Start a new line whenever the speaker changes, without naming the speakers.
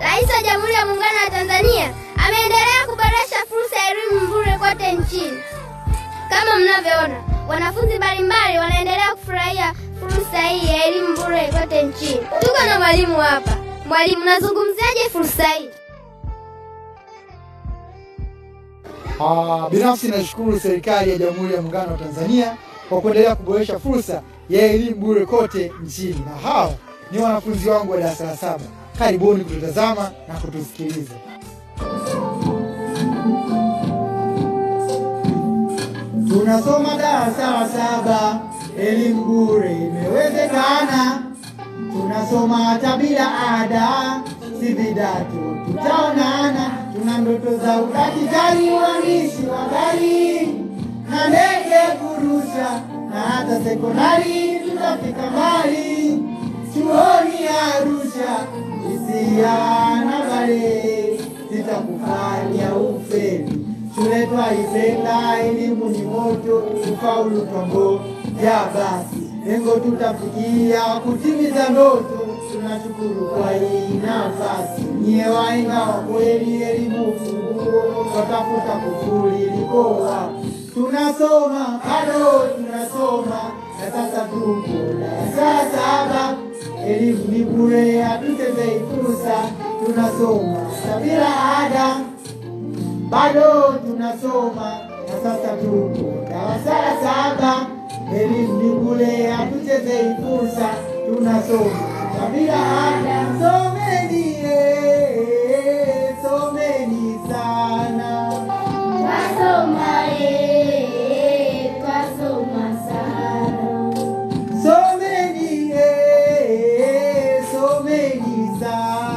Rais wa Jamhuri ya Muungano wa Tanzania ameendelea kuboresha fursa ya elimu bure kote nchini. Kama mnavyoona, wanafunzi mbalimbali wanaendelea kufurahia fursa hii ya elimu bure kote nchini. Tuko na mwalimu hapa. Mwalimu, nazungumziaje fursa hii?
Ah, binafsi nashukuru serikali ya Jamhuri ya Muungano wa Tanzania kwa kuendelea kuboresha fursa ya elimu bure kote nchini, na hawa ni wanafunzi wangu wa darasa la saba. Karibuni kututazama na kutusikiliza.
Tunasoma darasa la saba, elimu bure imewezekana. Tunasoma hata bila ada, sividatu tutaonana. Tuna ndoto za udaktari, uandishi wa gari na ndege kurusha, na hata sekondari tutafika mbali. kufanya ufeli. Shule twaipenda, elimu ni moto, kufaulu tombo ya basi, lengo tutafikia, kutimiza ndoto. Tunashukuru kwa hii nafasi, nyie wahenga wa kweli, elimu ufunguo, watafuta kufuli liko wapi? Tunasoma bado tunasoma, na sasa tuko darasa saba, elimu ni bure, hatutembei fursa tunasoma Sabira ya Adam bado tunasoma, na sasa tuko darasa la saba. Elimu ni bure, hatuchezei fursa, tunasoma Sabira ya Adam. Someni eh, someni sana,
wasoma eh, sana,
someni